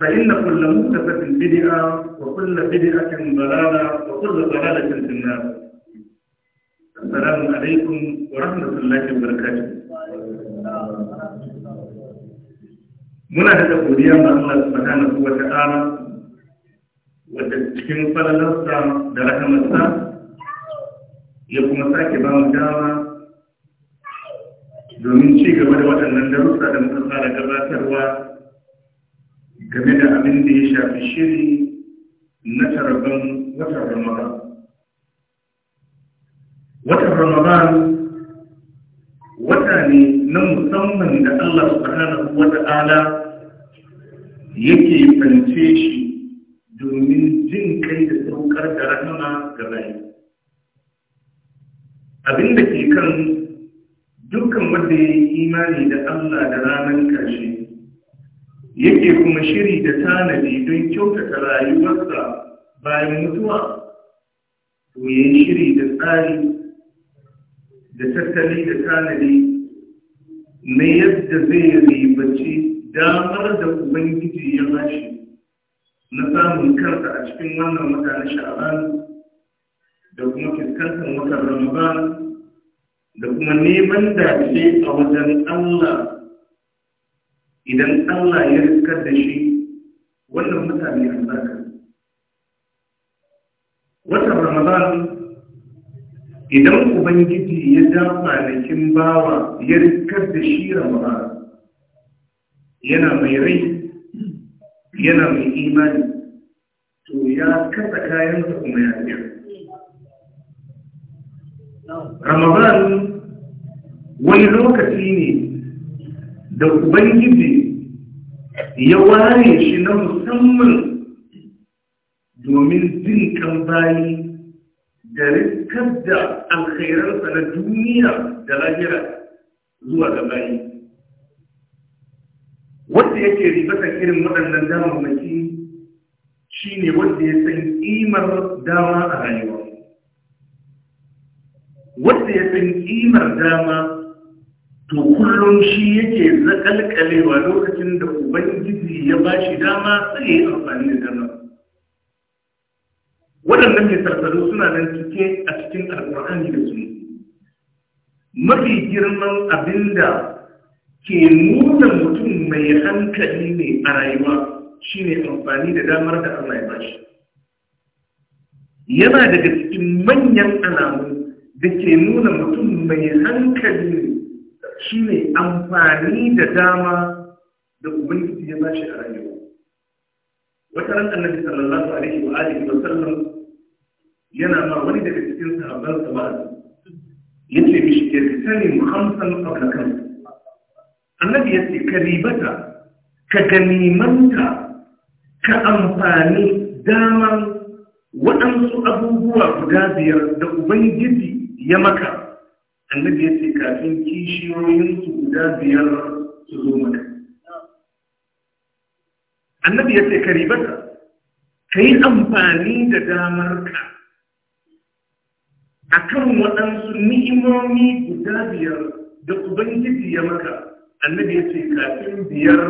فإن كل مختفة بدعة وكل بدعة ضلالة وكل ضلالة في النار السلام عليكم ورحمة الله وبركاته muna da godiya ga Allah subhanahu wa ta'ala wadda cikin falalarsa da rahamarsa ya kuma sake ba mu dama domin ci gaba da waɗannan darussa da muka fara gabatarwa game da abin da ya shafi shiri na tarban watan ramadan watan ramadan wata ne na musamman da allah subhanahu Wata'ala yake fance shi domin jin kai da saukar da rahama ga abin da ke kan dukkan wanda ya yi imani da allah da ranar karshe yake kuma shiri da tanadi don kyautata rayuwarsa bayan mutuwa to ya shiri da tsari da tattali da tanadi na yadda zai ribaci damar da ubangiji ya mashi na samun kansa a cikin wannan mutane na sha'aban da kuma fuskantar watan ramadan da kuma neman dace a wajen allah idan Allah ya riskar da shi wannan mutane albarka wata ramadan idan ubangiji ya da kwanakin bawa ya riskar da shi ramadan yana mai rai yana mai imani to ya kasa kayansa kuma ya fiye. ramadan wani lokaci ne da ubangiji ya ware shi na musamman domin jin kan bayi da rikar da alkhairarsa na duniya da lahira zuwa da bayi wanda yake ribata irin waɗannan damarmaki shi ne wanda ya san ƙimar dama a rayuwa wanda ya san ƙimar dama to kullum shi yake zakalkalewa lokacin da ubangiji ya ba shi dama sai ya amfani da dama waɗannan misalsalu suna nan cike a cikin alƙur'ani da su mafi girman abinda ke nuna mutum mai hankali ne a rayuwa shine amfani da damar da Allah ya ba shi yana daga cikin manyan alamu da ke nuna mutum mai hankali ne ne amfani da dama da ubangiji ya bashi a rayuwa wata ran annabi sallallahu alaihi wa alihi wa sallam yana ma wani daga cikin sahabban sa ba yace mishi ke sani khamsan qabla kan annabi yace ka ribata ka ganimanta ka amfani daman waɗansu abubuwa guda biyar da ubangiji ya maka annabi ya ce kafin su guda biyar su zo maka annabi ya ce ka ribata ka yi amfani da damarka a kan waɗansu ni'imomi guda biyar da ubangiji ya maka annabi ya ce kafin biyar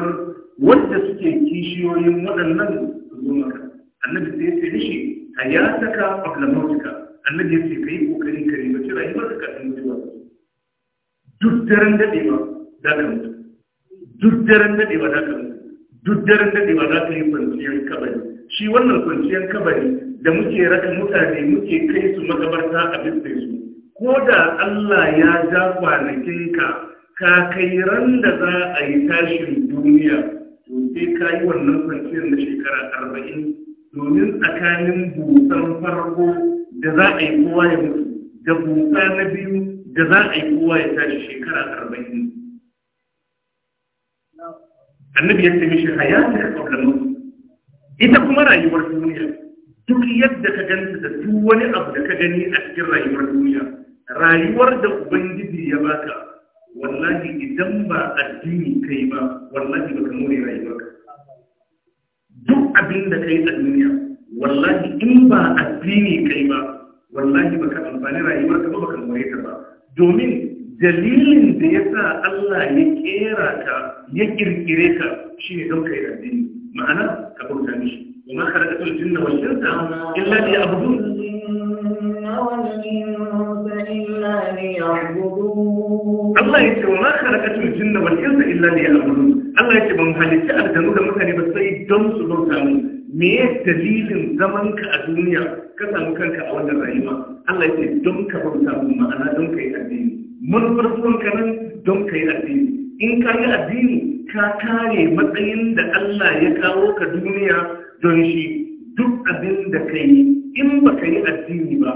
wadda suke kishiyoyin waɗannan su zo maka annabi ya ce mishi hayataka qabla mautika annabi ya ce ka yi kokari ka ribaci rayuwar ka kafin mutuwa duk daren dadewa za ka mutu duk daren ba za ka mutu duk daren ba za ka yi kwanciyar kabari shi wannan kwanciyar kabari da muke raka mutane muke kai su makabarta a bisne su ko da Allah ya ja kwanakinka ka kai ran da za a yi tashin duniya to sai ka yi wannan kwanciyar na shekara arba'in domin tsakanin busan farko da za a yi kowa ya mutu da buka na biyu da za a yi kowa ya tashi shekara arba'in annabi ya ce mishi hayatar kabla mutu ita kuma rayuwar duniya duk yadda ka ganta da duk wani abu da ka gani a cikin rayuwar duniya rayuwar da ubangiji ya baka wallahi idan ba addini kai ba wallahi baka more rayuwarka duk abin da kai a duniya wallahi in ba addini kai ba wallahi baka amfani rayuwar ka ba baka more ta ba domin dalilin da ya sa Allah ya kera ka ya kirkire ka shi ne don kai addini ma'ana ka bauta mishi wa ma khalaqatul jinna wal insa illa abudu? Allah ya ce wa ma khalaqatul jinna wal insa illa abudu. Allah ya ce ban halicci aljanu da mutane ba sai don su bauta mu me ya dalilin zamanka a duniya ka samu kanka a wannan rayuwa Allah ya ce don ka bauta mu ma'ana don ka yi addini Mun manufar ka nan don ka yi addini in ka yi addini ka kare matsayin da Allah ya kawo ka duniya don shi duk abin da ka yi in ba ka yi addini ba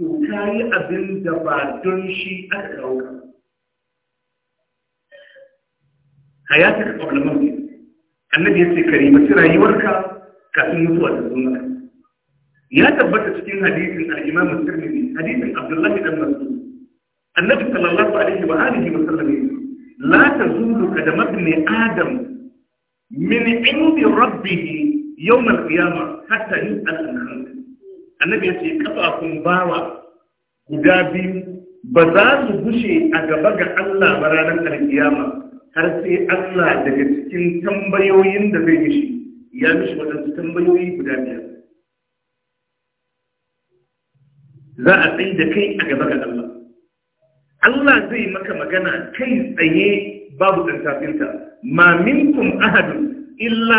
to ka yi abin da ba don shi aka kawo ka hayataka kwallon annabi ya ce kare mace rayuwarka kafin mutuwa ta zo maka ya tabbata cikin hadisin al-Imam Tirmidhi hadisin Abdullah ibn Mas'ud annabi sallallahu alaihi wa alihi wa sallam la tazulu qadamat ibn adam min indi rabbih yawm al-qiyamah hatta yus'al an khamsa annabi yace kafafun bawa guda biyu ba za su gushe a gaba ga Allah ba ranar alkiyama har sai Allah daga cikin tambayoyin da zai yi shi ya mishi waɗansu tambayoyi guda biyar za a tsaye da kai a gaba ga Allah Allah zai maka magana kai tsaye babu ɗan tafinta ma minkum ahadun illa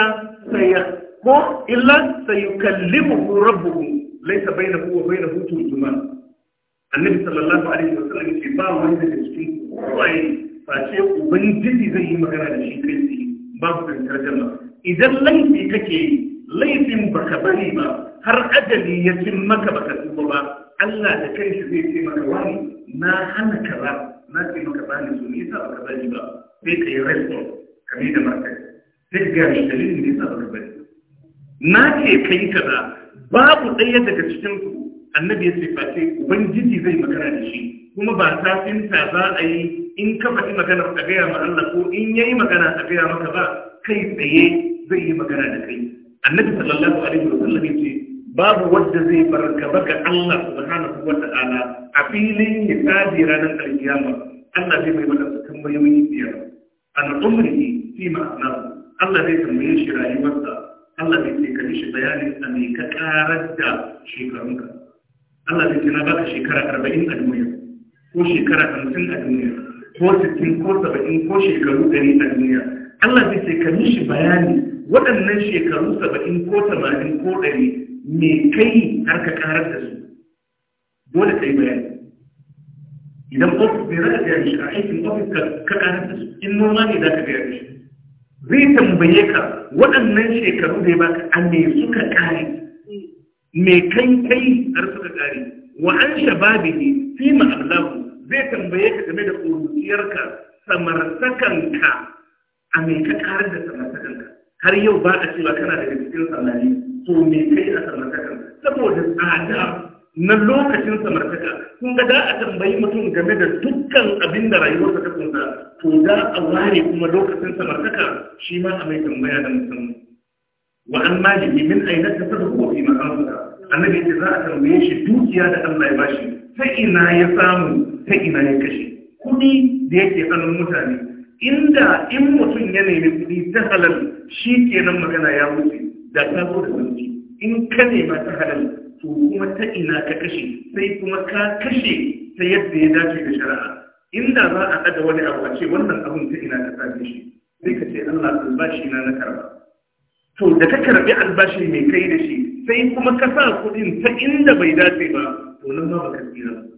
saya ko illa sayukallimuhu rabbuhu laysa bainahu wa bainahu turjuman annabi sallallahu alaihi sallam ce ba wani daga cikin kowaye face ubangiji zai yi magana da shi kai tsaye babu ɗan tarjama idan laifi kake laifin baka bari ba har ajali ya cin maka baka tuba ba Allah da kai shi zai ce maka wani na hana ka ba na ce maka ba ni so nisa baka bari ba sai kai yi respon da marka. sai ga mai dalilin nisa baka bari na ce kai ka da. babu ɗaya daga cikin ku annabi ya ce face ubangiji zai magana da shi kuma ba safinta za a yi in ka faɗi maganar a gaya ma Allah ko in yayi magana a gaya maka ba kai tsaye zai yi magana da kai annabi sallallahu alaihi wa sallam yace babu wanda zai barka baka Allah subhanahu wa ta'ala a filin hisabi ranar alkiyama Allah zai mai masa tambayoyi biyar an umrihi fi na. Allah zai tambaye shi rayuwarsa Allah zai ce kai shi bayanin sa ka karar da shekarunka Allah zai ce na baka shekara 40 a duniya ko shekara 50 a duniya ko 60 ko 70 ko shekaru 100 a duniya Allah zai ce bayani waɗannan shekaru saba'in ko tamanin ko ɗari me kai har ka karar da su dole ka yi bayani idan ofis ne za ka gaya mishi a aikin ofis ka karar da su in noma ne za ka gaya shi. zai tambaye ka waɗannan shekaru da ya baka a me suka kare me kai kai har suka kare wa an shababi ne fi ma'allahu zai tambaye ka game da ƙuruciyarka samartakanka a me ka karar da samartakanka har yau ba a cewa kana daga cikin sallani to me kai a samartaka saboda tsada na lokacin samartaka kun ga da a tambayi mutum game da dukkan abin da rayuwarsa ta kunsa to da a ware kuma lokacin samartaka shi ma a mai tambaya da musamman wa an ne min aina ta saba ko fi annabi ce za a tambaye shi dukiya da Allah ya bashi ta ina ya samu ta ina ya kashe kuɗi da yake hannun mutane inda in mutum ya nemi kuɗi ta halal shi kenan magana ya wuce da ta zo da zanci in ka nema ta halal to kuma ta ina ka kashe sai kuma ka kashe ta yadda ya dace da shari'a inda za a ɗaga wani abu a ce wannan abun ta ina ka same shi sai ka ce Allah albashi na na karba to da ka karbi albashi mai kai da shi sai kuma ka sa kuɗin ta inda bai dace ba to nan ma ka tsira ba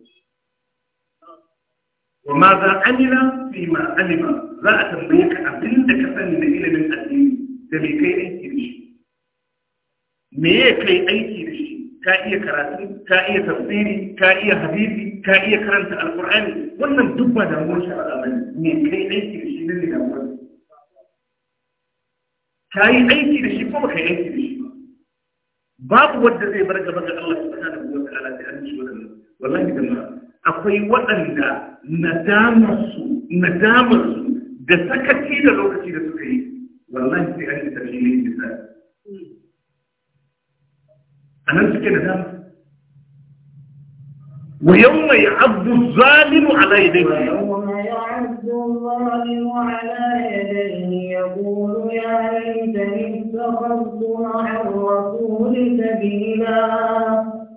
ma za Amina fi ma alima za a tambaye ka abin da ka sani na ilimin addini da me kai aiki da shi me ya kai aiki da shi ka iya karatu ka iya tafsiri ka iya hadisi ka iya karanta alqur'ani wannan duk ba damuwar shari'a ba me kai aiki da shi ne damuwar ka yi aiki da shi ka yi aiki da shi babu wanda zai bar gaba ga Allah akwai waɗanda nadamarsu nadamarsu da sakaci da lokaci da suka yi wallahi sai an yi tafi ne misali a nan suke da dama wa يعض الظالم على يديه ويوم يعض الظالم على يديه يقول يا ليتني اتخذت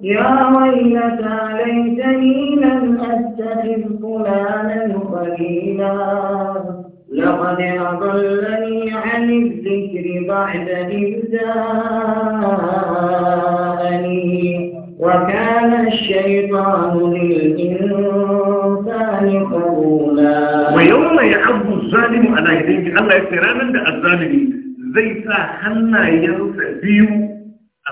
يا ويلتى ليتني لم أتخذ فلانا خليلا لقد أضلني عن الذكر بعد إذ جاءني وكان الشيطان للإنسان قولا ويوم يعض الظالم على يديه الله يسيرانا الظالم زيتا حنا hannayensa بيو a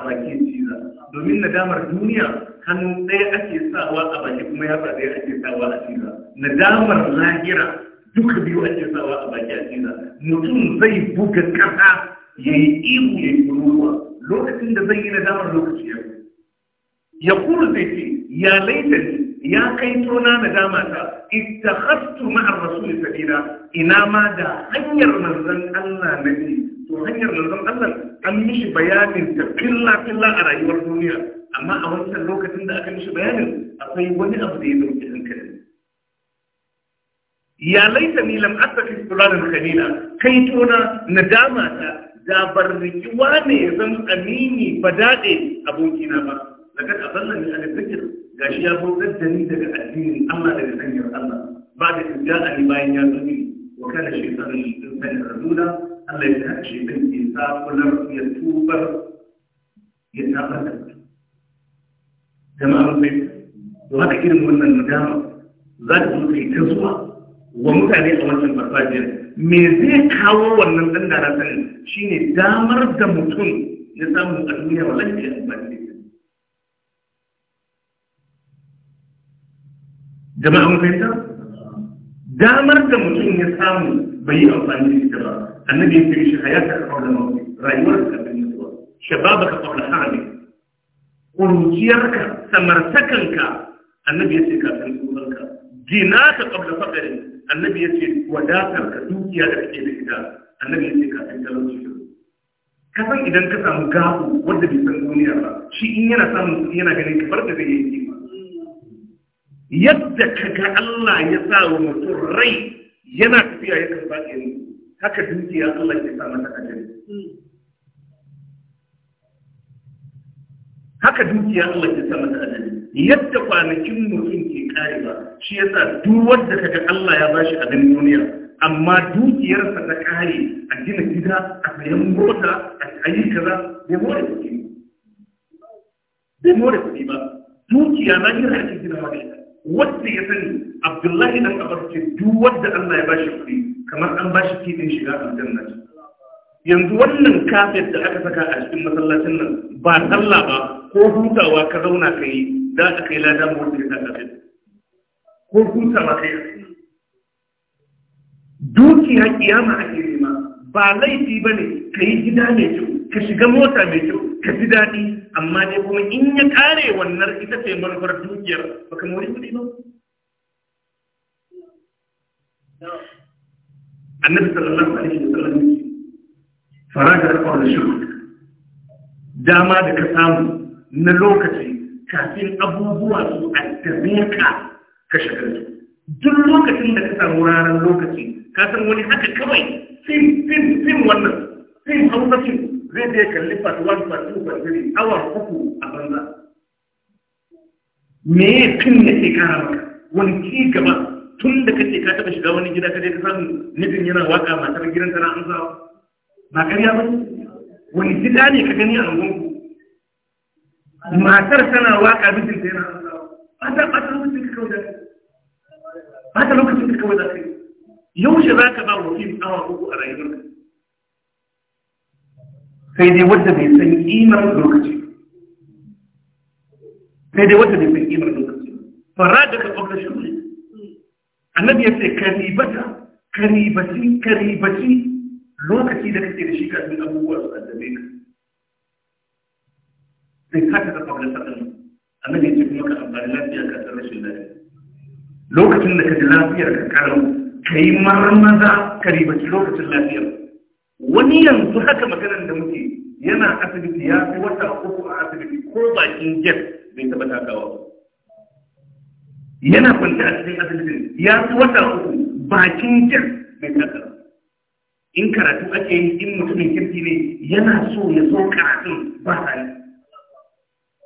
domin nadamar duniya hannu ɗaya ake sawa a baki kuma ya ɗaya ake sawa a ciza nadamar lahira duka biyu ake sawa a baki a ciza mutum zai buga ƙasa ya yi ihu ya yi ruwa lokacin da zai yi nadamar lokaci ya ya kuru zai ce ya laita ya kai tona nadama ta ittakhadtu ma'ar rasul sabila ina ma da hanyar manzon Allah na ce to hanyar manzon Allah an mishi bayanin da filla a rayuwar duniya amma a wancan lokacin da aka mishi bayanin akwai wani abu da ya dauki hankali ya laita ni lam attaki fulanan khalila kai tona nadama ta da barriki wane ya zan amini ba dade abokina ba lakad azallani an zikr gashi ya bautar da ni daga addinin Allah daga sanyar Allah ba da tijjani bayan ya zubi wa kana shaytanu insan Allah ya ce dan ya zakular ya tubar ya tabar da mutum. Jama'a mai to haka irin wannan nadama za ta zo kai ta zuwa wa mutane a wancan farfajiyar me zai kawo wannan dan da na sani shine damar da mutum ya samu a duniya wa lafiya amfani da jama'a mun fahimta damar da mutum ya samu bai yi amfani da ita ba النبي يمشي حياتك قبل الموت rayuwarka da mutuwa shababaka qabla hali kunciyarka samartakanka annabi yace kafin tsuranka jinaka qabla faqri annabi yace wadatarka dukiya da kake da ita annabi yace kafin talauci ka san idan ka samu gabu wanda bai san duniya ba shi in yana samun kuɗi yana ganin kamar da zai yi yadda kaga Allah ya sa wa mutum rai yana tafiya yakan ba ya haka dukiya Allah ke sa mata ajali haka dukiya Allah ke sa mata ajali yadda kwanakin mutum ke karewa shi yasa duk wanda kaga Allah ya bashi abin duniya amma dukiyarsa ta kare a gina gida a sayan mota a yi kaza bai more kuɗi bai more kuɗi ba dukiya na gina ake gina mata wanda ya sani abdullahi dan abbas ce duk wanda Allah ya bashi kuɗi kamar an bashi kidin shiga aljanna yanzu wannan kafet da aka saka a cikin masallacin nan ba sallah ba ko hutawa ka zauna ka yi za ka kai lada mu wanda ya sa kafet ko hutawa ka yi dukiya kiyama ake nema ba laifi ba ne ka yi gida mai kyau ka shiga mota mai kyau ka ji daɗi amma dai kuma in ya kare wannan ita ce manufar dukiyar baka mori kuɗi ba annabi sallallahu alaihi wasallam faraga da kawai shi dama da ka samu na lokaci kafin abubuwa su addabe ka ka shagaltu duk lokacin da ka samu ranar lokaci ka san wani haka kawai fim fim fim wannan fim hausa fim zai je kalli fatuwar fatuwar fatiri awa uku a banza me ya fin ya ke kara maka wani ci gaba tun da kake ka taba shiga wani gida ka je ka samu mijin yana waka matar gidan tana an zawa ba karya ba wani gida ne ka gani a angonku matar tana waka mijin ta yana an zawa ba ta ba ta lokacin ka kawai da kai ba ta lokacin ka kawai da kai yaushe za ka ba wakil awa uku a rayuwarka sai dai wadda bai san kimar lokaci sai dai wadda bai san kimar lokaci fara da ka kwamna shi annabi ya ce karibata karibaci karibaci lokaci da kake da shi kafin abubuwa su addabe ka sai ka ta da sa'an annabi ya ce kuma ka amfani lafiya ka san rashin lafiya lokacin da ka ji lafiyar ka karam ka yi marmaza karibaci lokacin lafiyar wani yanzu haka maganar da muke yana asibiti ya fi wata uku a asibiti ko bakin jet bai taɓa takawa yana kwanci a cikin asibiti ya fi wata uku bakin jet bai takawa in karatu ake yi in mutumin kirki ne yana so ya so karatun ba hali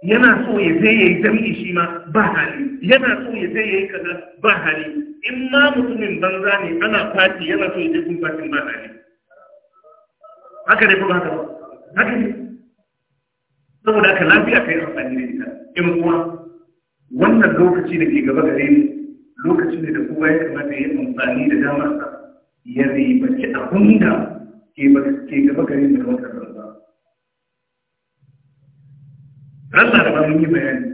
yana so ya sai ya yi zambi shi ma ba hali yana so ya sai ya yi kaza ba hali in ma mutumin banza ne ana fati yana so ya je kun ba hali haka ne kuma haka ba haka ne saboda haka lafiya kai amfani da ita in kuma wannan lokaci da ke gaba gare ni lokaci ne da kowa ya kamata ya yi amfani da sa ya ribaci abin da ke gaba gare ni da wata rasa rasa da ba mun yi bayani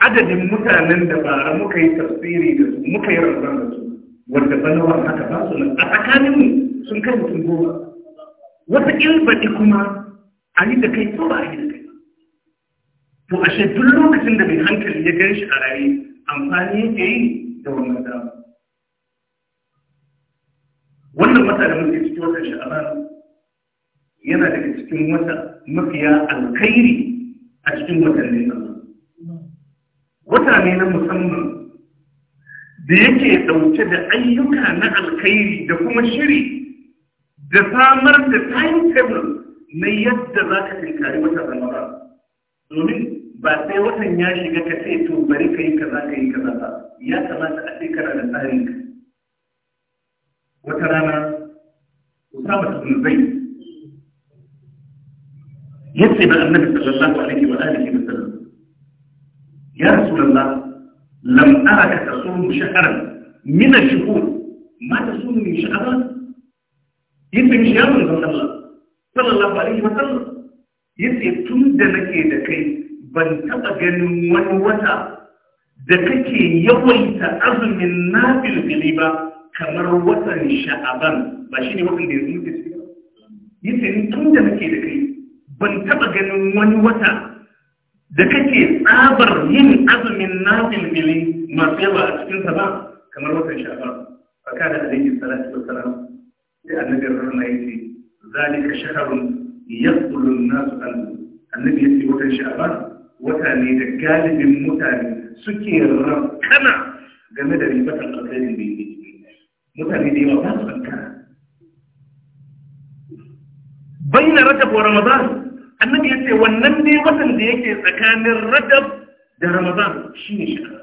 adadin mutanen da ba a muka yi tafsiri da su muka yi rarraba da su wanda banawa haka ba su nan a tsakaninmu sun kai mutum goma wata baɗi kuma a yi da kai ko ba a yi da kai to ashe duk lokacin da mai hankali ya gan shi a raye amfani yake yi da wannan dama wannan wata da muke cikin watan yana daga cikin wata mafiya alkhairi a cikin watannin Allah wata ne na musamman da yake ɗauke da ayyuka na alkhairi da kuma shiri da samar da timetable na yadda za ka tinkari wata ramadan domin ba sai watan ya shiga ka ce to bari ka yi kaza ka yi kaza ba ya kamata a ce kana da tsarin ka wata rana Usama ibn Zayd yace ba annabi sallallahu alaihi wa alihi wa sallam ya rasulullah lam araka tasum shahran min ash-shuhur ma tasum min sha'ban yace mishi ya manzon Allah sallallahu alaihi wa sallam yace tun da nake da kai ban taba ganin wani wata da kake yawaita azumin nafil fili ba kamar watan sha'aban ba shi ne watan da yanzu ke ciki yace ni tun da nake da kai ban taba ganin wani wata da kake tsabar yin azumin nafil fili masu yawa a cikinsa ba kamar watan sha'aban a fa kana alaihi salatu wassalam sai annabi rahama yace zalika shahrun yaqulu an-nas an annabi yace watan sha'ban wata ne da galibin mutane suke rakkana game da ribatan alkhairin da yake mutane da yawa ba su rakkana bayyana rajab wa ramadan annabi yace wannan ne watan da yake tsakanin rajab da ramadan shine shekara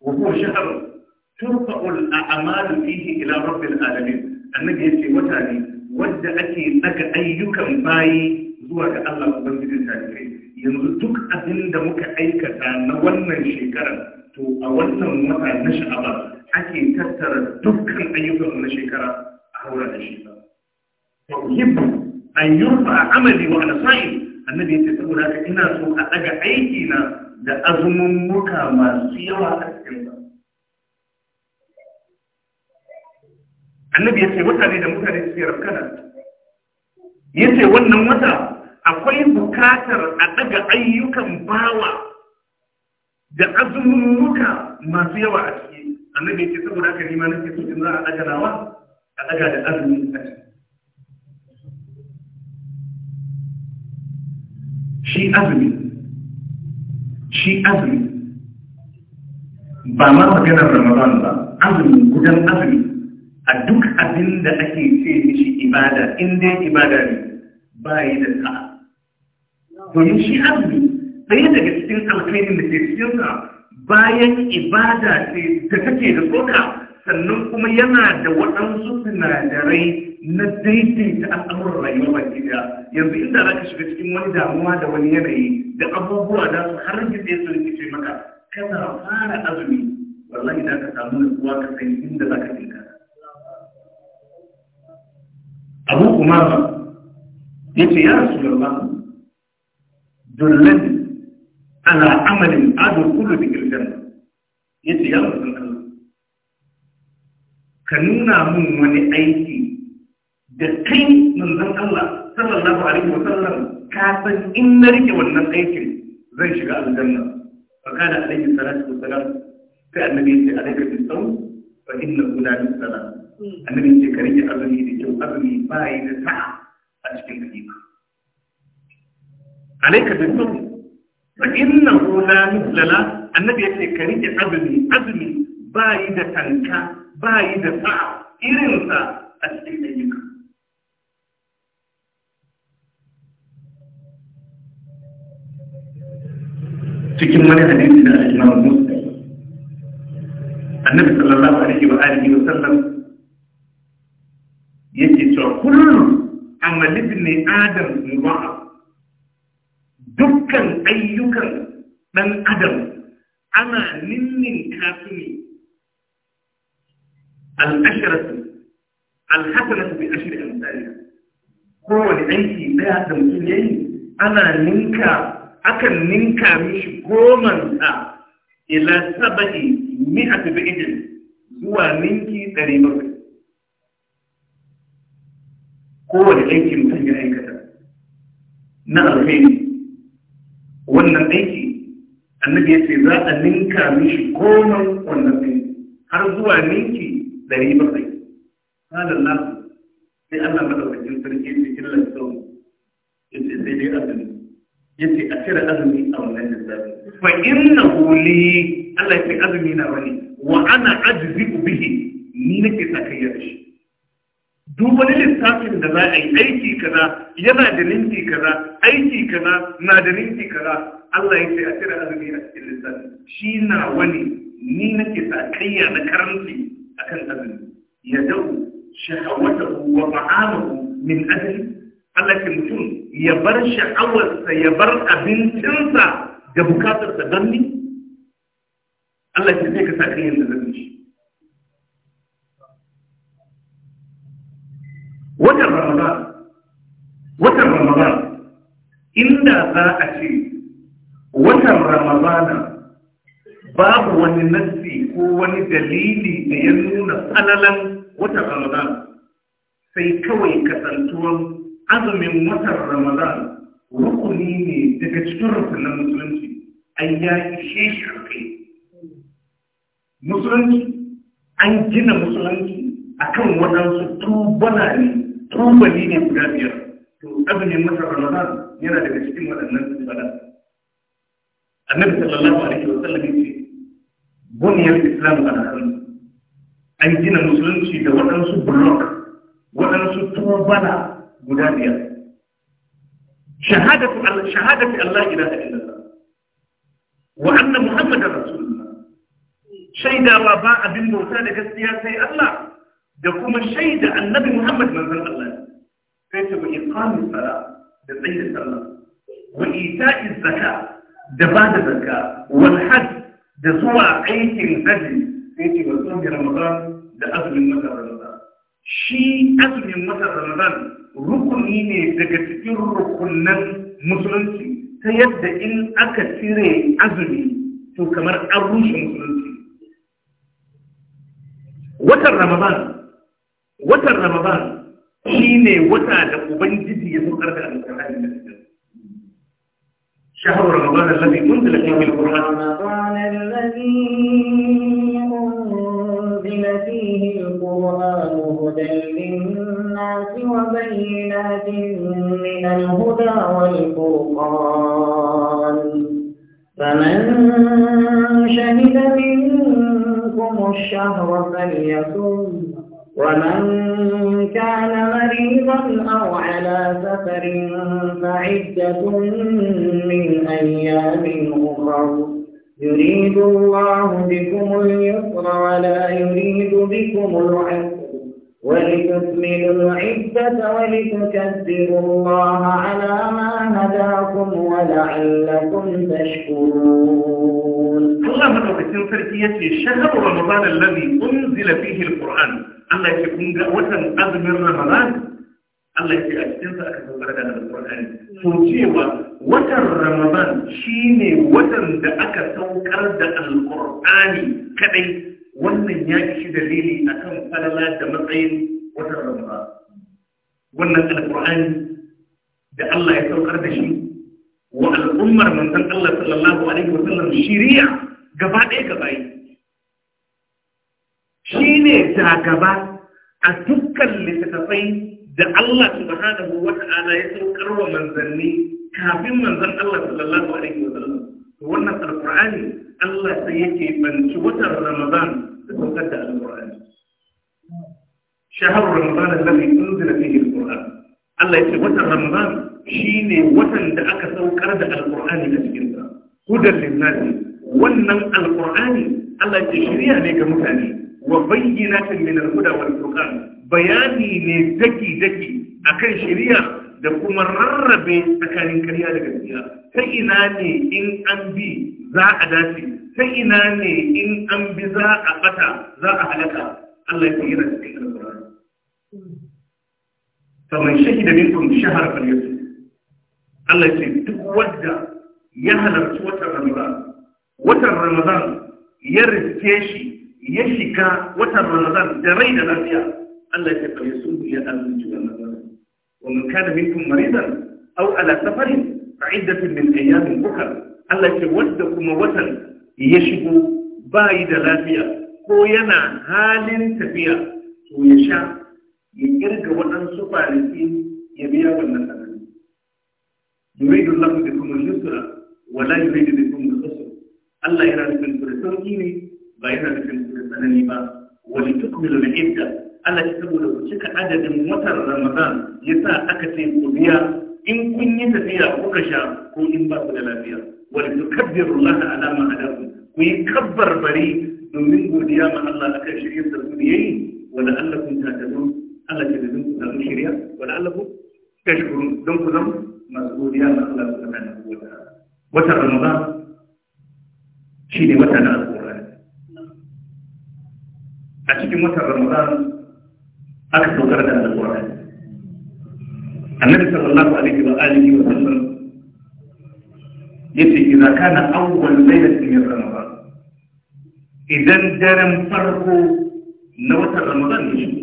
wa huwa shahrun turfa'ul a'malu fihi ila rabbil alamin annabi yace wata ne wadda ake daga ayyukan bayi zuwa ga Allah ubangijin tarihi yanzu duk abin da muka aikata na wannan shekarar to a wannan wata na sha'aba ake tattara dukkan ayyukan na shekara a haura da shi ba yuhibbu an a amali wa ana sa'id annabi yace saboda haka ina so a daga aiki na da azumin muka masu yawa a cikin annabi ya ce mutane da mutane su yi rafkana ya ce wannan wata akwai bukatar a daga ayyukan bawa da azumunuka masu yawa a ciki annabi ya ce saboda aka nima ke so in za a daga nawa a daga da azumin a ciki shi azumi shi azumi ba ma maganar ramadan ba azumin gudan azumi a duk abin da ake ce mishi ibada in dai ibada ne ba yi da sa'a domin shi azumi ɗaya daga cikin alkhairin da ke cikinsa bayan ibada ce da take da soka sannan kuma yana da waɗansu sinadarai na daidaita al'amuran rayuwa ba gida yanzu inda za ka shiga cikin wani damuwa da wani yanayi da abubuwa da su har gida su rikice maka kana fara azumi wallahi za ka samu nutsuwa ka san inda za ka tinka abu umar ya ce ya rasu yalma dullan ala amalin adon kudu da girgin ya ce ya rasu yalma ka nuna mun wani aiki da kai manzan Allah sallallahu alaihi wa sallam ka san in na rike wannan aikin zan shiga aljanna fa kana alaihi salatu wa salam sai annabi ya ce alaika bisawm fa innahu la bisala Hmm. annabi ce ka rike azumi da kyau azumi ba yi da sa'a a cikin kalima alaika da sun fa innahu la mislala annabi ya ce ka rike azumi azumi ba yi da tanka ba yi da irin sa a cikin ayyuka cikin wani hadisi da al-Imam Muslim annabi sallallahu alaihi wa alihi wa sallam yake cewa kullum amal ne adam mudha'af dukkan ayyukan dan adam ana ninnin kafini al-ashratu al-hasanatu bi ashri amsalha kowane aiki daya da mutum yayi ana ninka akan ninka mishi goman sa ila saba'i mi'atu bi'idin zuwa ninki 700 kowane aiki mutum ya aikata na alheri wannan aiki annabi ya ce za a ninka mishi komai wannan aiki har zuwa ninki ɗari bakwai sadar nasu sai Allah madaukakin sarki ya ce illa sau ya ce sai dai azumi ya ce a cire azumi a wannan lissafi fa innahu huli Allah ya ce azumi na wani wa ana ajzi bihi ni nake sa kai ya shi duk wani littafin da za a yi aiki kaza yana da ninki kaza aiki kaza na da ninki kaza Allah ya ce a cire azumi a cikin littafin shi na wani ni nake sa kayya na karanci akan azumi ya dau shahawatahu wa ta'amahu min ajli Allah ke mutum ya bar sha'awarsa ya bar abincinsa da bukatarsa don ni Allah ke sai ka sa kayyan da zan shi watan ramadan watan ramadan inda za a ce watan ramadana babu wani nassi ko wani dalili da ya nuna tsananan watan ramadan sai kawai kasantuwan azumin watan ramadan rukuni ne daga cikin rukunan musulunci an ya ishe shi kai musulunci an gina musulunci akan waɗansu tubana ne tubali ne guda biyar to azumin masa ramadan yana daga cikin waɗannan tubalan annabi sallallahu alaihi wa sallam yace buniyar islam ala khamsa an gina musulunci da waɗansu block waɗansu tubala guda biyar shahadatu Allah shahadatu Allah ilaha illallah wa anna muhammadar rasulullah shaidawa ba abin bauta da gaskiya sai Allah da kuma shaida annabi Muhammad manzon Allah sai ta wa iqamis sala da tsayin sallah wa ita'iz zakat da ba da zakka wal hajj da zuwa aikin haji sai ta wa sunni ramadan da azumin watan ramadan shi azumin watan ramadan rukuni ne daga cikin rukunan musulunci ta yadda in aka cire azumi to kamar an rushe musulunci watan ramadan watan ramadan shine wata da ubangiji ya saukar da alƙur'ani da cikin شهر رمضان الذي أنزل فيه القرآن رمضان الذي أنزل فيه القرآن هدى للناس وبينات من الهدى والفرقان فمن شهد منكم الشهر فليصم ومن كان مريضا أو على سفر فعدة من أيام أخر يريد الله بكم اليسر ولا يريد بكم العسر ولتكملوا العزة ولتكذبوا الله على ما هداكم ولعلكم تشكرون اللهم الله من أبتن فرقية شهر رمضان الذي أنزل فيه القرآن الله يكون قوة من رمضان الله يكون أجتن فأكد القرآن القرآن فوجيوة وتر رمضان شيني وتر دأك توكر دأ القرآن كبير wannan ya ci dalili akan falala da matsayin wata ramadan wannan alqur'ani da Allah ya saukar da shi wa al'ummar manzon Allah sallallahu alaihi wa sallam shiriya gaba ɗaya gaba yi shine ta gaba a dukkan littattafai da Allah subhanahu wa ta'ala ya saukar wa manzanni kafin manzon Allah sallallahu alaihi wa sallam wannan alqur'ani Allah sai yake banci watan Ramadan da saukar da Al-Qur'ani shahar Ramadan alladhi unzila fihi Al-Qur'an Allah yake watan Ramadan shine watan da aka saukar da Al-Qur'ani a cikin sa hudan linnasi wannan Al-Qur'ani Allah yake shirya ne ga mutane wa bayyinatin min al-huda wal furqan bayani ne daki daki akan shirya da kuma rarrabe tsakanin ƙarya da gaskiya ta ina ne in an bi za a dace ta ina ne in an bi za a bata za a halaka Allah ya yi rantsi da Qur'ani kamar shahida minkum shahar falyasum Allah ya duk wanda ya halarci watan Ramadan watan Ramadan ya riske shi ya shiga watan Ramadan da rai da lafiya Allah ya ce falyasum ya azumci Ramadan wa man kana minkum maridan aw ala safarin min ayyamin ukhra Allah ce wanda kuma watan ya shigo ba yi da lafiya ko yana halin tafiya to ya sha ya kirga waɗansu kwanaki ya biya wannan tsanani yuridu Allah da kuma yusra wala yuridu da kuma qasr Allah yana nufin ku da sauki ne ba yana da ku da tsanani ba wani tukmilu da idda Allah ya saboda ku cika adadin watan Ramadan sa aka ce ku biya in kun yi tafiya kuka sha ko in ba ku da lafiya ولتكبر الله على ما هداكم ويكبر بري من قديام الله لك شريعة الدنيين ولعلكم تهتدون ألا تجدون من الشريعة ولعلكم تشكرون دونك دم مسؤول يا الله سبحانه وتعالى وتر رمضان شيني وتنا القرآن أتيجي وتر رمضان أكثر قرآن القرآن النبي صلى الله عليه وآله وسلم yace idan kana awwal lailatin min ramadan idan daren farko na watan ramadan ne shi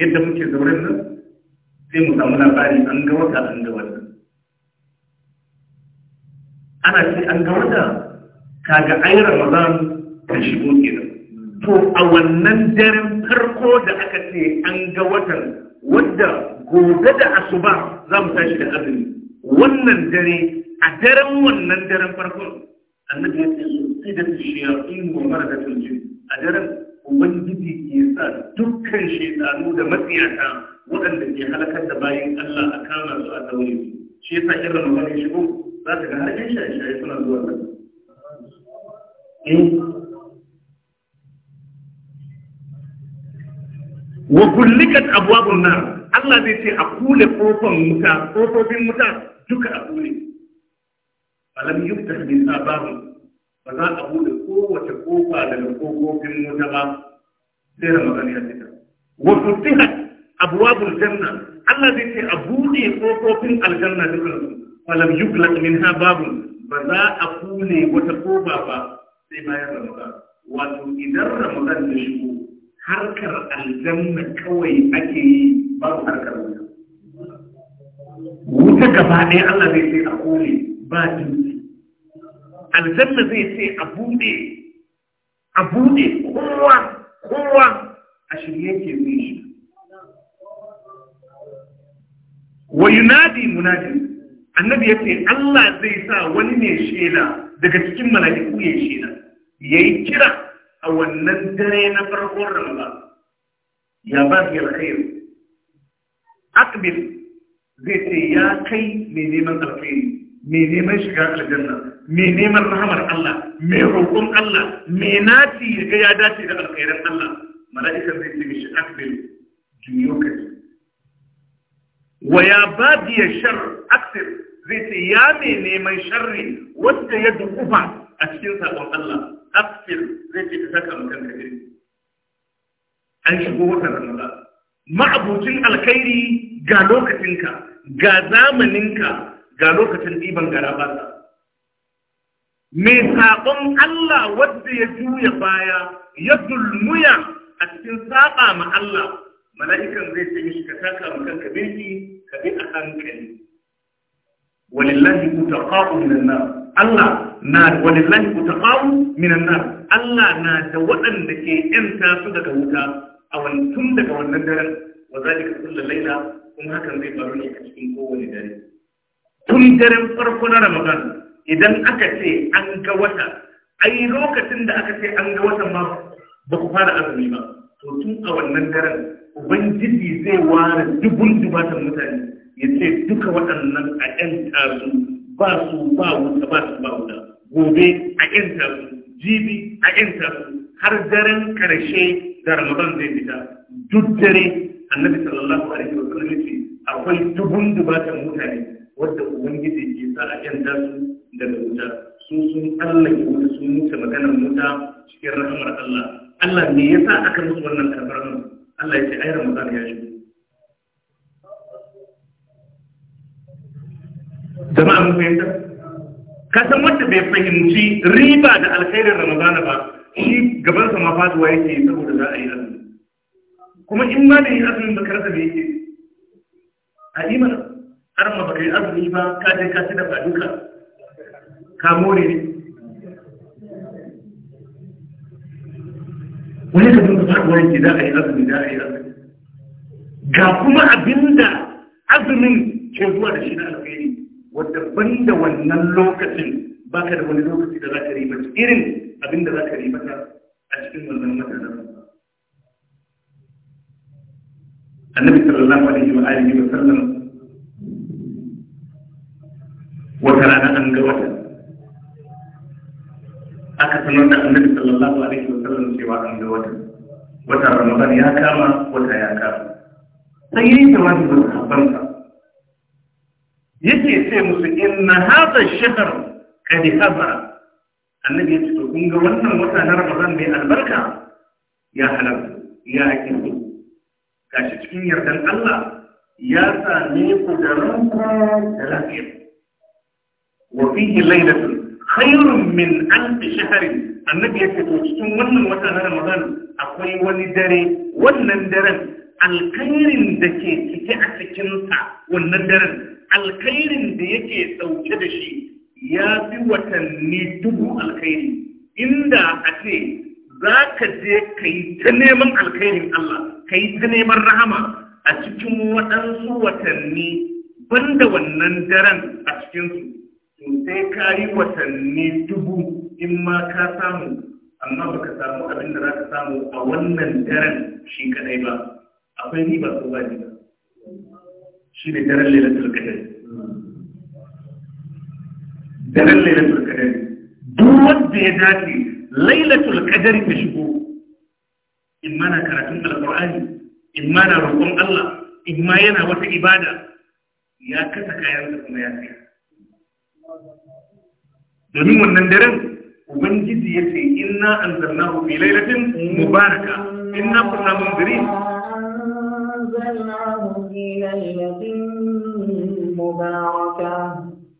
yadda muke zauren nan sai mu samu labari an ga wata an ga wata ana ce an ga wata kaga ai ramadan ka shigo kenan to a wannan daren farko da aka ce an ga watan wadda gobe da asuba za mu tashi da azumi wannan dare a daren wannan daren farkon annabi ya ce sai da shayatin wa maradatul jin a daren ubangiji ke sa dukkan shaytanu da matsiyata waɗanda ke halakar da bayan Allah a kama su a tsawon su shi yasa irin ramadan shigo za ta ga har shaye-shaye suna zuwa nan eh. wa kullikat abwabun nar Allah zai ce a kule kofan wuta kofofin wuta duka a buɗe alam yubta min abab ba za a buɗe kowace kofa daga kofofin wuta ba sai ramadan ya wa abwabul janna kofofin aljanna duka alam ba za a kule wata kofa ba sai bayan ramadan wato idan ramadan ya shigo harkar aljanna kawai ake yi babu harkar wuta wuta gaba ɗaya Allah zai ce a kore ba dutse aljanna zai ce a buɗe a buɗe kowa kowa a shirye ke zai shi wa yunadi munadi annabi ya ce Allah zai sa wani ne shela daga cikin mala'iku ya shela yayi kira a wannan dare na farkon Ramadan ya ba ki alkhair aqbil zai ce ya kai mai neman alkhairi mai neman shiga aljanna mai neman rahamar Allah mai roƙon Allah mai naci ya ga ya dace da alkhairan Allah mala'ikan zai ce mishi akbil junyoka wa ya babi ya shar aksir zai ce ya mai neman sharri wanda ya dukufa a cikin sabon Allah aksir zai ce ka saka mutan kabiri an shigo wata ramadan ma'abucin alkhairi ga lokacinka ga zamaninka ga lokacin ɗiban gara ta. mai saƙon Allah wadda ya juya baya ya zulmuya a cikin saƙa ma Allah mala'ikan zai ce mishi ka taka ma kanka birki ka bi a hankali walillahi utaqa'u minan nar Allah na walillahi minan nan! Allah na da waɗanda ke 'yan tasu daga wuta a wani tun daga wannan daren wa ka kullu laila kuma hakan zai faru ne a cikin kowane dare tun daren farko na ramadan idan aka ce an ga wata ai lokacin da aka ce an ga wata ma ba ku fara azumi ba to tun a wannan daren ubangiji zai ware dubun dubatan mutane ya ce duka waɗannan a ƴan tasu ba su ba wuta ba su ba wuta gobe a ƴan tasu jibi a ƴan tasu har daren ƙarshe da ramadan zai fita duk dare annabi sallallahu alaihi wa sallam yace akwai dubun dubatan mutane wanda ubangiji ke sa a yanda su daga wuta su sun ya wuta sun wuce maganar wuta cikin rahmar Allah Allah me yasa aka musu wannan karbar Allah ya ce ai Ramadan ya shigo jama'a mun fahimta ka san wanda bai fahimci riba da alkhairin Ramadan ba shi gaban sa ma faduwa yake saboda za a yi azumi kuma in ma da yin azumin baka rasa me yake a imana har ma baka yi azumi ba ka je ka ci da ba duka ka more ne wani ka dinga faɗuwa yake za a yi azumi za a yi azumi ga kuma abinda azumin ke zuwa da shi na alkhairi wadda da wannan lokacin baka da wani lokaci da za ka riba irin abinda za ka riba a cikin wannan matsalar النبي صلى الله عليه وآله وسلم وترانا أن جوتا أكثر من النبي صلى الله عليه وسلم سوى أن جوتا وتا رمضان يا كاما وتا يا كاما سيدي كمان يقول يجي سيمس إن هذا الشهر قد حضر النبي صلى الله عليه وسلم وتا رمضان بأن بركة يا حلب يا أكيد gashi cikin yardan Allah ya same ku da ranka da lafiya wa fihi khairun min alfi shahrin annabi ya ce to cikin wannan wata na Ramadan akwai wani dare wannan daren alkhairin da ke cike a cikinsa wannan daren alkhairin da yake ɗauke da shi ya fi watanni dubu alkhairi inda a ce za ka je ka yi ta neman alkhairin Allah ka yi ta neman rahama a cikin waɗansu watanni banda wannan daren a cikinsu to sai ka yi watanni dubu in ma ka samu amma baka samu abin da za ka samu a wannan daren shi kadai ba akwai riba ko ba ba shi ne daren lailatul qadr daren lailatul qadr duk wanda ya dace lailatul qadari ta shigo in ma na karatun alqur'ani in ma na roƙon Allah in ma yana wata ibada ya kasa kayan da kuma ya tsaya domin wannan daren ubangiji ya ce inna anzalnahu fi lailatin mubaraka inna kunna munzirin anzalnahu fi lailatin mubaraka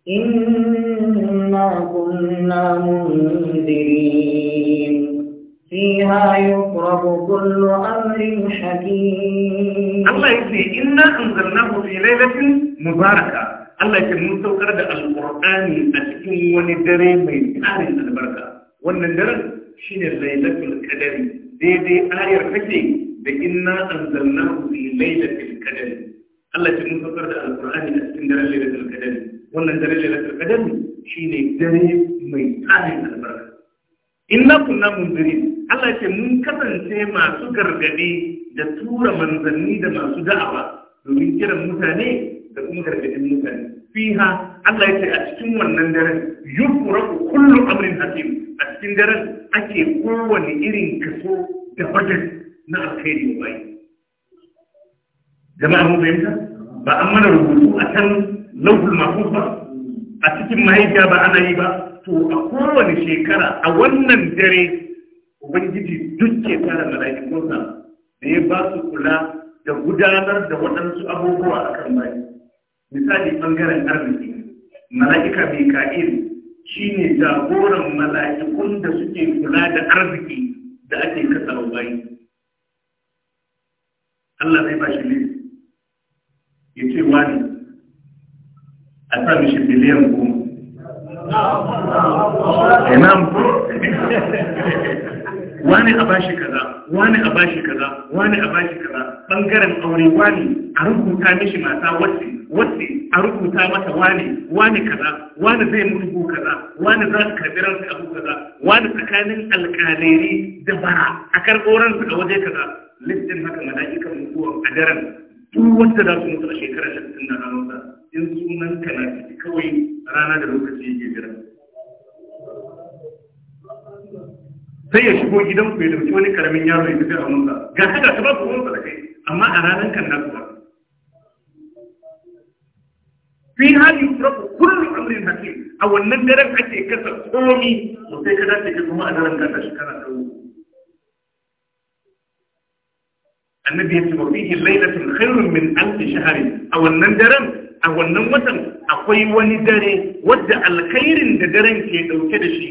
إنا كنا منذرين فيها يفرق كل أمر حكيم الله يقول إنا أنزلناه في ليلة مباركة الله يقول نتوقع القرآن أسكن وندري من آرين البركة والندر شين الليلة الكدري دي دي آير فكري بإنا أنزلناه في ليلة الكدري Allah ya mun saukar da Al-Qur'ani a cikin daren lailatul qadr wannan daren lailatul qadr shine dare mai tsarin albarka inna kunna munzirin Allah ya ce mun kasance masu gargadi da tura manzanni da masu da'awa domin kiran mutane da kuma gargadin mutane fiha Allah ya ce a cikin wannan daren yufraku kullu amrin hakim a cikin daren ake kowane irin kaso da bajet na alkhairi bai jama'a mun fahimta ba an mana rubutu a kan lauhul mahfuz ba a cikin mahaifiya ba ana yi ba to a kowane shekara a wannan dare ubangiji duk shekara mala'ikunsa da ya ba su kula da gudanar da waɗansu abubuwa a kan bayi misali ɓangaren arziki mala'ika mika'il shi ne jagoran mala'ikun da suke kula da arziki da ake kasa bayi Allah zai ba shi ya ce wani a sa mishi biliyan goma imam wani a kaza wani a bashi kaza wani a kaza bangaren aure wani a rubuta mishi mata wasi wasi a rubuta mata wani wani kaza wani zai mutu kaza wani za su karbi ransu abu kaza wani tsakanin alkaleri da bara a karɓo ransu a waje kaza listin haka mala'ikan mutuwa a daren duk wanda za su mutu a shekara shattin na ranarsa in sunan ka na ciki kawai rana da lokaci yake jira sai ya shigo gidan ku ya dauki wani karamin yaro ya tafi a wansa ga haka ta ba ku wansa da kai amma a ranar kan na kuwa fi hali rabu kullum amurin hakim a wannan daren ake kasa komi sosai ka dace ka kuma a daren ka shekara ta wuce annabi ya ce wa fihi lailatul khairun min alf shahrin a wannan daren a wannan watan akwai wani dare wadda alkhairin da daren ke dauke da shi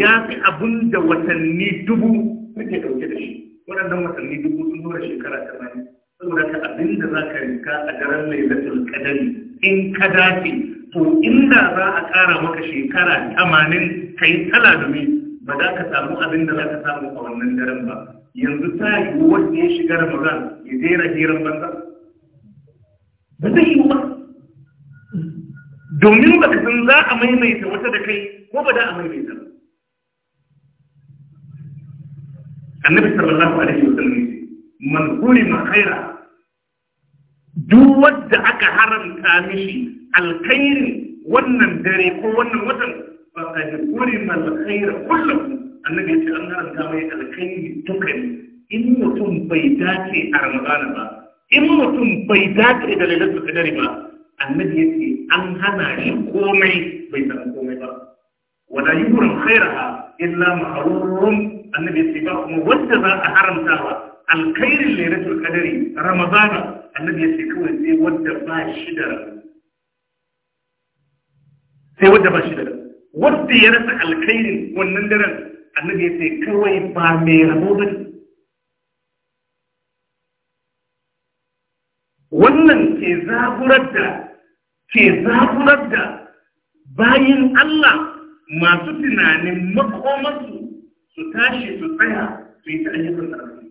ya fi abun da watanni dubu suke dauke da shi waɗannan watanni dubu sun nuna shekara tamanin saboda ka abin da za ka rika a daren lailatul qadari in ka dace to inda za a ƙara maka shekara tamanin ka yi tala domin ba za ka samu abin da za ka samu a wannan daren ba yanzu ta yiwuwar ne ya shiga ramadan ya daina hirar banza ba zai yi ba domin ba ka san za a maimaita wata da kai ko ba da a maimaita ba annabi sallallahu alaihi wasallam ne man hurima khaira duk wanda aka haramta mishi alkhairi wannan dare ko wannan watan fa qad hurima alkhaira kullum. annabi ya ce an haramta mai alkai tukan in mutum bai dace a ramadana ba in mutum bai dace da lailatul qadari ba annabi ya ce an hana shi komai bai san komai ba wala yuhram khairaha illa mahrurun annabi ya ce ba kuma wanda za a haramta ba alkhairin lailatul qadari ramadana annabi ya ce kawai sai wanda ba shi da sai wanda ba shi da wanda ya rasa alkhairin wannan daren annabi ya ce kawai ba mai rabo ba ne wannan ke zaburar da ke zaburar da bayin Allah masu tunanin makomarsu su tashi su tsaya su yi ta ayyukan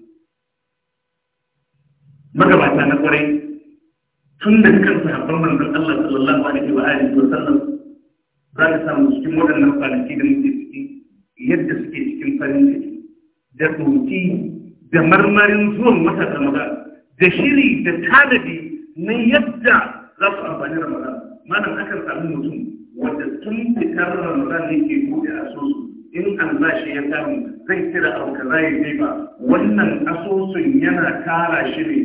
magabata na kware, tun da kan sahabban manzon Allah sallallahu alaihi wa alihi wa sallam za ka samu cikin waɗannan kwanaki da muke ciki yadda suke cikin farin ciki da ɗoki da marmarin zuwan wata ramadan da shiri da tanadi na yadda za su amfani da maza, malam akan samu mutum wanda tun fitar ramadan ne ke buɗe asusu in albashi ya samu zai kira abu zai ya ba wannan asusun yana kara shi ne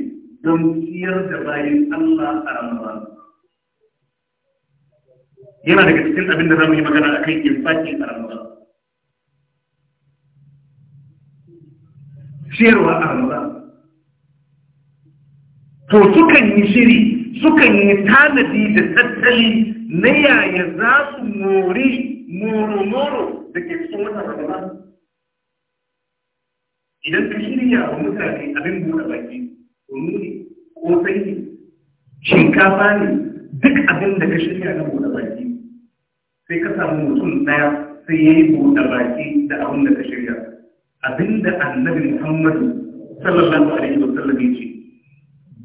don siyar da bayan Allah a ramadan yana daga cikin abin da za mu yi magana a kai infaki a ramadan ciyarwa a ramadan to sukan yi shiri sukan yi tanadi da tattali na yaya za su mori moro-moro da ke cikin wata ramadan idan ka shirya wa mutane abin buɗe baki kunu ne ko sai shinkafa ne duk abin da ka shirya na buɗe baki sai ka samu mutum ɗaya sai ya yi buɗe baki da abin da ka shirya abinda annabi muhammadu sallallahu alaihi wa sallam yake,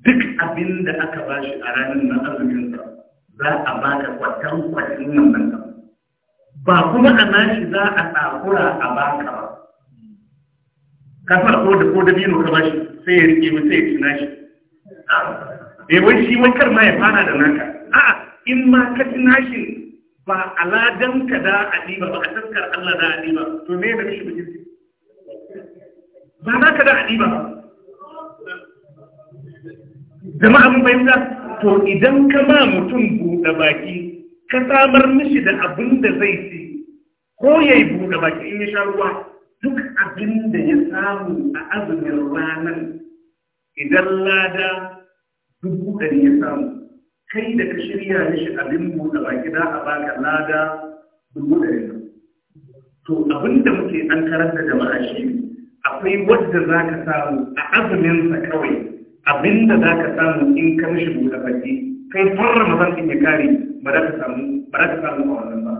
duk abinda aka bashi a ranar na azumin sa za a baka kwatan kwatin nan nan. ba kuma a nashi za a tsakura a baka ba ka fara ko da ko da bino ka bashi sai ya rike sai ya ci nashi eh wai shi wai kar ma ya fara da naka a'a in ma ka ci nashi ba aladan ka da a ba a taskar Allah da a ba to me da shi bikin ba za ka daɗi ba jama'a mun fahimta to idan ka ma mutum buɗe baki ka samar mishi da abin da zai ci ko ya yi buɗe baki in ya sha ruwa duk abin da ya samu a azumin ranar idan lada dubu ɗari ya samu kai da ka shirya mishi abin buɗe baki za a baka lada dubu ɗari to abin da muke an karanta jama'a shi ne akwai wadda za ka samu a azuminsa kawai abinda za ka samu in ka mishi buɗe baki kai tun ramadan in ya kare ba za ka samu a wannan ba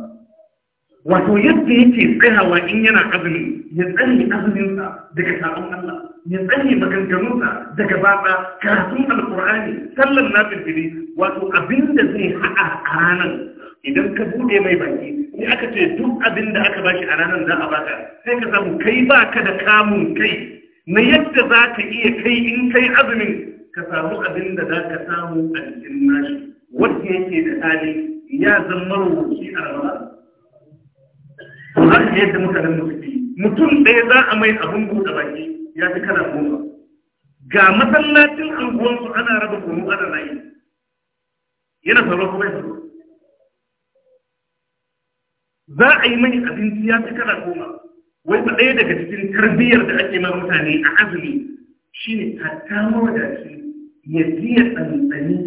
wato yadda yake tsayawa in yana azumi ya tsani azuminsa daga sabon Allah ya tsani maganganunsa daga batsa karatun alkur'ani sallan na firfiri wato abinda zai haɗa a ranar idan ka buɗe mai baki in aka ce duk abin da aka bashi a ranar za a baka sai ka samu kai ba ka da kamun kai na yadda za ka iya kai in kai azumin ka samu abin da za ka samu a cikin nashi wanda yake da hali ya zama rubuci a ramadan har yadda mutanen musulmi mutum ɗaya za a mai abin buɗe baki ya fi kana goma ga masallacin anguwansu ana raba kuma ana rayu yana faruwa kuma ya faruwa za a yi mai abinci ya fi kala goma wai ba ɗaya daga cikin tarbiyyar da ake ma mutane a azumi shine hatta mawadaci ya ji ya tsantsani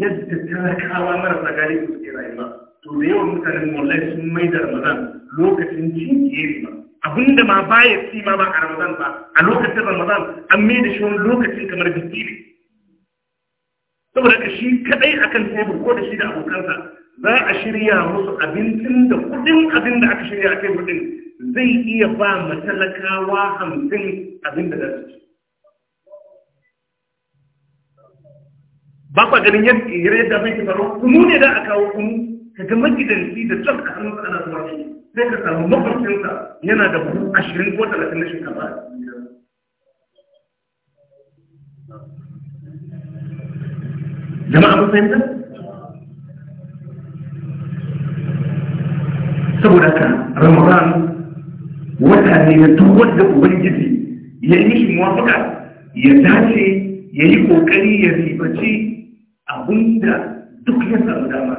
yadda talakawa marasa gari su ke rayuwa to da yawan mutanen wallahi sun mai da ramadan lokacin cin jeri ba abinda ma baya ci ma ba a ramadan ba a lokacin ramadan an mai da shi wani lokacin kamar biki ne saboda shi kadai akan tebur ko da shi da abokansa za a shirya musu abincin da kudin abin da aka shirya a kai kudin zai iya ba matalakawa hamsin abin da zai su ci ba kwa ganin yadda abin ke faru kunu ne da a kawo kunu ka ga magidanci da can a hannun ana zuwa shi sai ka samu mafarkinsa yana da buhu ashirin ko talatin na shinkafa jama'a mun fahimta saboda ka ramadan wata ne na duk wanda ubangiji ya yi shi muwafaka ya dace ya yi kokari ya ribaci abinda duk ya samu dama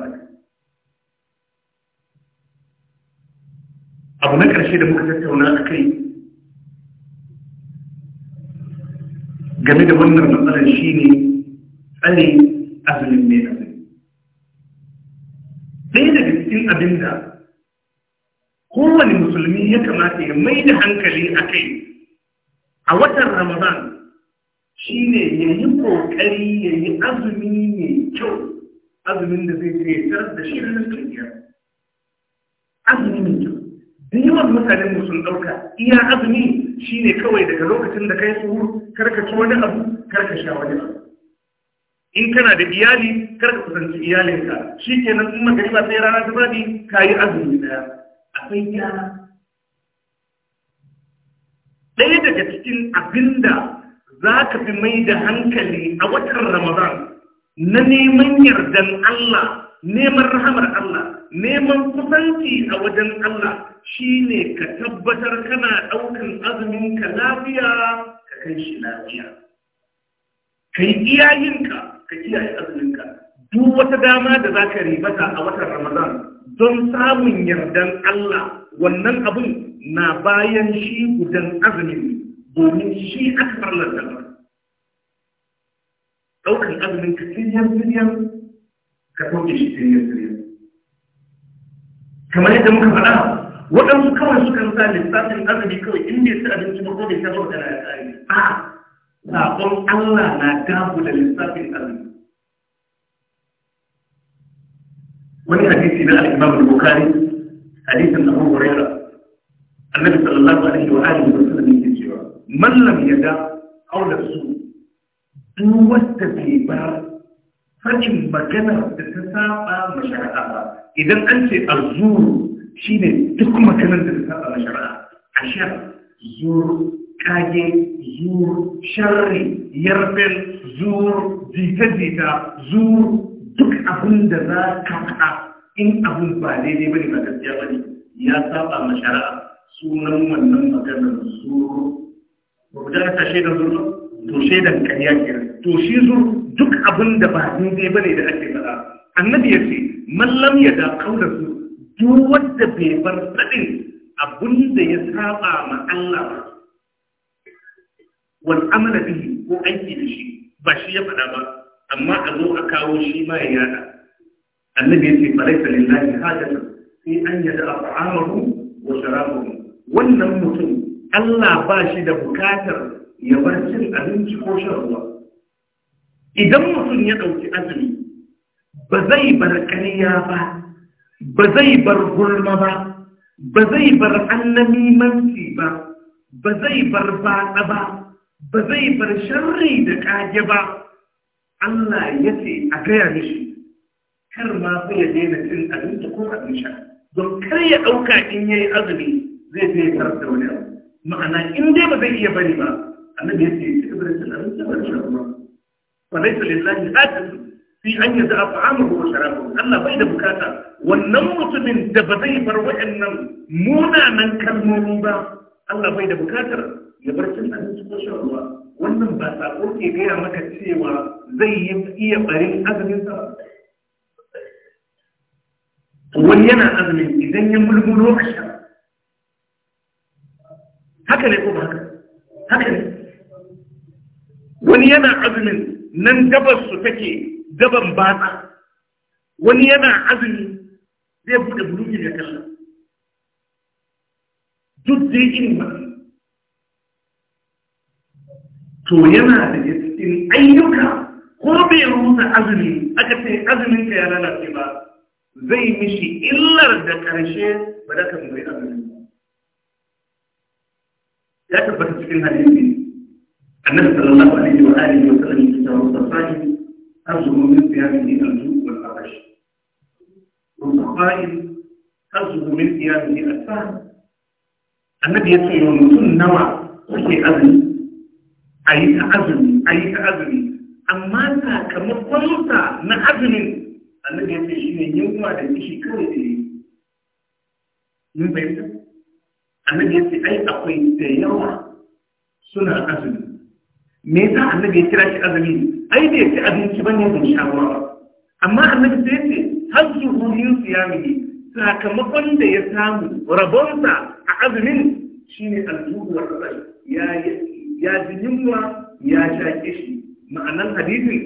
abu na ƙarshe da muka tattauna a kai game da wannan matsalar shi ne tsare azumin ne daga cikin abin da kowane musulmi ya kamata ya mai da hankali a kai a watan ramadan shi ne ya yi ƙoƙari ya yi azumi mai kyau azumin da zai taitar da shi na kiyar azumi mai kyau da yawan mutanen mu sun ɗauka iya azumi shi ne kawai daga lokacin da kai suhur karka ci wani abu karka sha wani abu in kana da iyali karka kusanci iyalinka shi kenan in magariba sai rana ta zaɓi ka yi azumi daya. akwai gyara ɗaya daga cikin abinda za ka fi mai da hankali a watan ramadan na neman yardan Allah neman rahamar Allah neman kusanci a wajen Allah shi ne ka tabbatar kana ɗaukan azumin ka lafiya ka kai shi lafiya ka yi iyayenka ka kiyaye azuminka duk wata dama da za ka ribata a watan ramadan don samun yardan Allah wannan abin na bayan shi gudan azumin domin shi aka farlar da ɗaukan azumin ka siriyar-siriyar ka ɗauke shi siriyar-siriyar kamar yadda muka faɗa waɗansu kawai sukan sa lissafin azumi kawai in bai ci abinci ba ko bai sha ba da na ya tsari a sabon Allah na gabu da lissafin azumi wani hadisi na al-Imam al-Bukhari hadisin Abu Hurairah Annabi sallallahu alaihi wa alihi wa sallam yake cewa man lam yada qawla su duk wanda bai ba fadin magana da ta saba mashara'a ba idan an ce azzuru shine duk maganar da ta saba mashara'a ashar zur kage zur sharri yarbel zur jita-jita zur duk abin da za ka faɗa in abin ba daidai bane ba gaskiya ne ya saba ma shari'a sunan wannan maganar zuru ba ku jana ta shaidan zuru to shaidan kariya ke to shi zuru duk abin da ba daidai bane da ake faɗa annabi ya ce mallam ya da kaula su duk wanda bai bar faɗin abin da ya saba ma Allah ba wal amala bihi ko aiki da shi ba shi ya faɗa ba amma a zo a kawo shi ma ya yada annabi yace falaita lillahi hajatu sai an yada af'aluhu wa sharabuhu wannan mutum Allah ba shi da bukatar ya bar cin abinci ko shan ruwa idan mutum ya dauki azumi ba zai bar kariya ba ba zai bar gulma ba ba zai bar annamimanci ba ba zai bar baɗa ba ba zai bar sharri da ƙage ba Allah ya ce a gaya mishi kar ma sai ya daina cin abinci ko abin sha don kar ya ɗauka in ya yi azumi zai je ya da wani abu ma'ana in dai ba zai iya bari ba annabi ya ce ya ci gaba da cin abinci ba da shan ruwa fa laisa lillahi hajjatu fi an yaza af'amuhu wa sharabuhu Allah bai da bukata wannan mutumin da ba zai bar waɗannan munanan kalmomi ba Allah bai da bukatar ya bar cin abinci ko shan ruwa wannan ba sako ke gaya maka cewa zai yi iya barin azumin sa wani yana azumin idan ya mulmulo a sha haka ne ko ba haka haka ne wani yana azumin nan gabas su take gaban batsa wani yana azumi zai buɗe buluki ya kalla duk dai irin wannan to yana da cikin ayyuka ko bai rusa azumi aka ce azumin ka ya lalace ba zai mishi illar da karshe ba da kan zai azumi ya tabbata cikin hadisi annabi sallallahu alaihi wa alihi wa sallam ya ce wa sa'i azumu min siyamihi al-ju' wal arash wa sa'i azumu min siyamihi al-fahm annabi ya ce wa mutum nawa kuke azumi a yi ta azumi a yi ta azumi amma sakamakonsa na azumin annabi ya ce shi ne yunwa da shi kawai da yi mun bayyana annabi ya ce ai akwai da yawa suna azumi me yasa annabi ya kira shi azumi ai bai ci abinci ba ne bai sha ba amma annabi sai ce hazzuhu ya siyamihi sakamakon da ya samu rabonsa a azumin shine aljuhu wa ya yi ya ji yunwa ya sha kishi ma'anan hadisin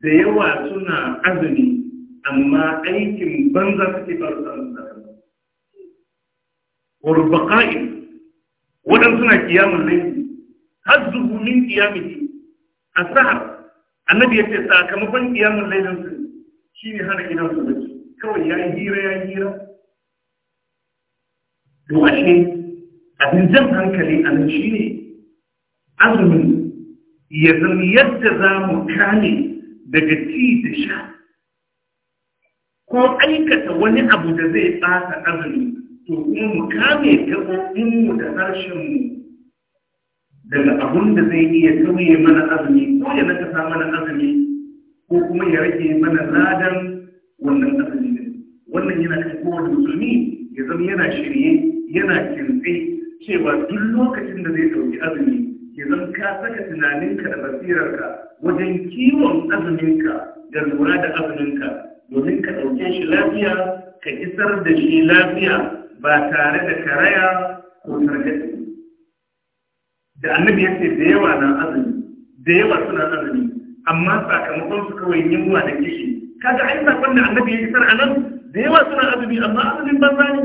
da yawa suna azumi amma aikin banza suke ba su samu sakamako warbaƙa'in waɗansu suna kiyamun laifi hazzuhu min kiyamiki a sahar annabi ya ce sakamakon kiyamun laifin su shi ne hana gidan su da kawai ya yi hira ya yi hira to ashe abin jan hankali a nan shi ne Azumi ya zama yadda za mu kame daga ci da sha ko aikata wani abu da zai ɓata azumi to kuma mu kame gaɓoɓinmu da harshenmu daga abun da zai iya tauye mana azumi ko ya nakasa mana azumi ko kuma ya rage mana ladan wannan azumi wannan yana kan kowane musulmi ya zama yana shirye yana kintse cewa duk lokacin da zai ɗauki azumi ke zan ka saka tunaninka da basirarka wajen kiwon azuminka da lura da azuminka domin ka ɗauke shi lafiya ka isar da shi lafiya ba tare da karaya ko targaɗi da annabi ya ce da yawa na azumi da yawa suna azumi amma sakamakon su kawai yunwa da kishi kaga ai sakon da annabi ya isar a nan da yawa suna azumi amma azumin banza ne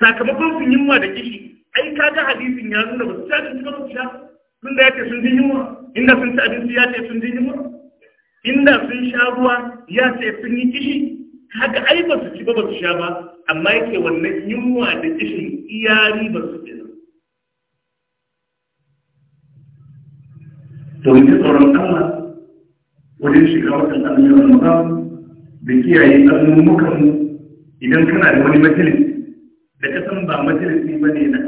sakamakon su yunwa da kishi ai ga hadisin ya nuna ba su ta cikin ba su da yake sun jin yunwa inda sun ci abinci ya ce sun jin yunwa inda sun sha ruwa ya ce sun yi kishi haka ai ba su ci ba ba su sha ba amma yake wannan yunwa da kishin iyari ba su ci to yi tsoron Allah wajen shiga watan azumin Ramadan da kiyaye azumumukan mu idan kana da wani majalis da ka san ba ba ne na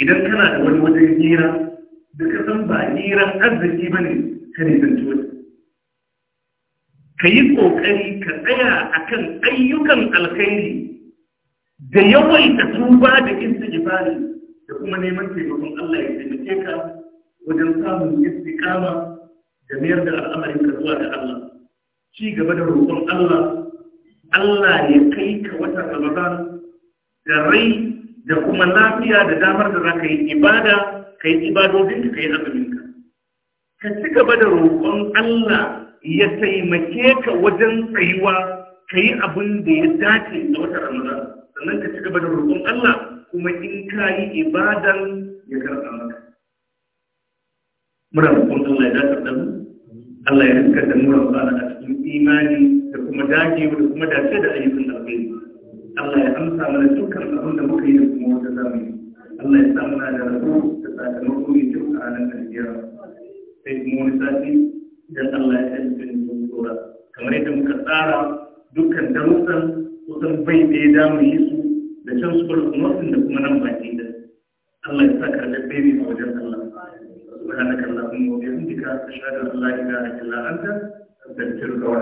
idan kana da wani wajen hira da ka san ba hiran arziki ba ne ka ne zanci wajen ka yi ƙoƙari ka tsaya a kan ayyukan alkhairi da yawaita tuba da istighfari da kuma neman taimakon Allah ya taimake ka wajen samun istiqama da mayar da al'amarin ka zuwa ga Allah ci gaba da roƙon Allah Allah ya kai ka wata Ramadan da rai da kuma lafiya da damar da za ka yi ibada ka yi ibadodinka ka yi azuminka ka ci gaba da roƙon Allah ya taimake ka wajen tsayuwa ka yi abin da ya dace da wata ramadan sannan ka ci gaba da roƙon Allah kuma in ka yi ibadan ya karɓa maka muna roƙon Allah ya dace da mu Allah ya rinka da mu rabbana a cikin imani da kuma dagewa da kuma dace da ayyukan alheri Allah ya amsa mana dukkan abin da muka yi da kuma wata zamani Allah ya sa muna da rabu da sakamako mai kyau a ranar Najeriya sai kuma wani sati idan Allah ya kai mutum ya tsora kamar yadda muka tsara dukkan darussan kusan bai da ya mu yi su da can su bar kuma da kuma nan baki da Allah ya sa karɓar ɗaya a wajen Allah سبحانك اللهم وبحمدك أشهد أن لا إله إلا أنت أستغفرك وأتوب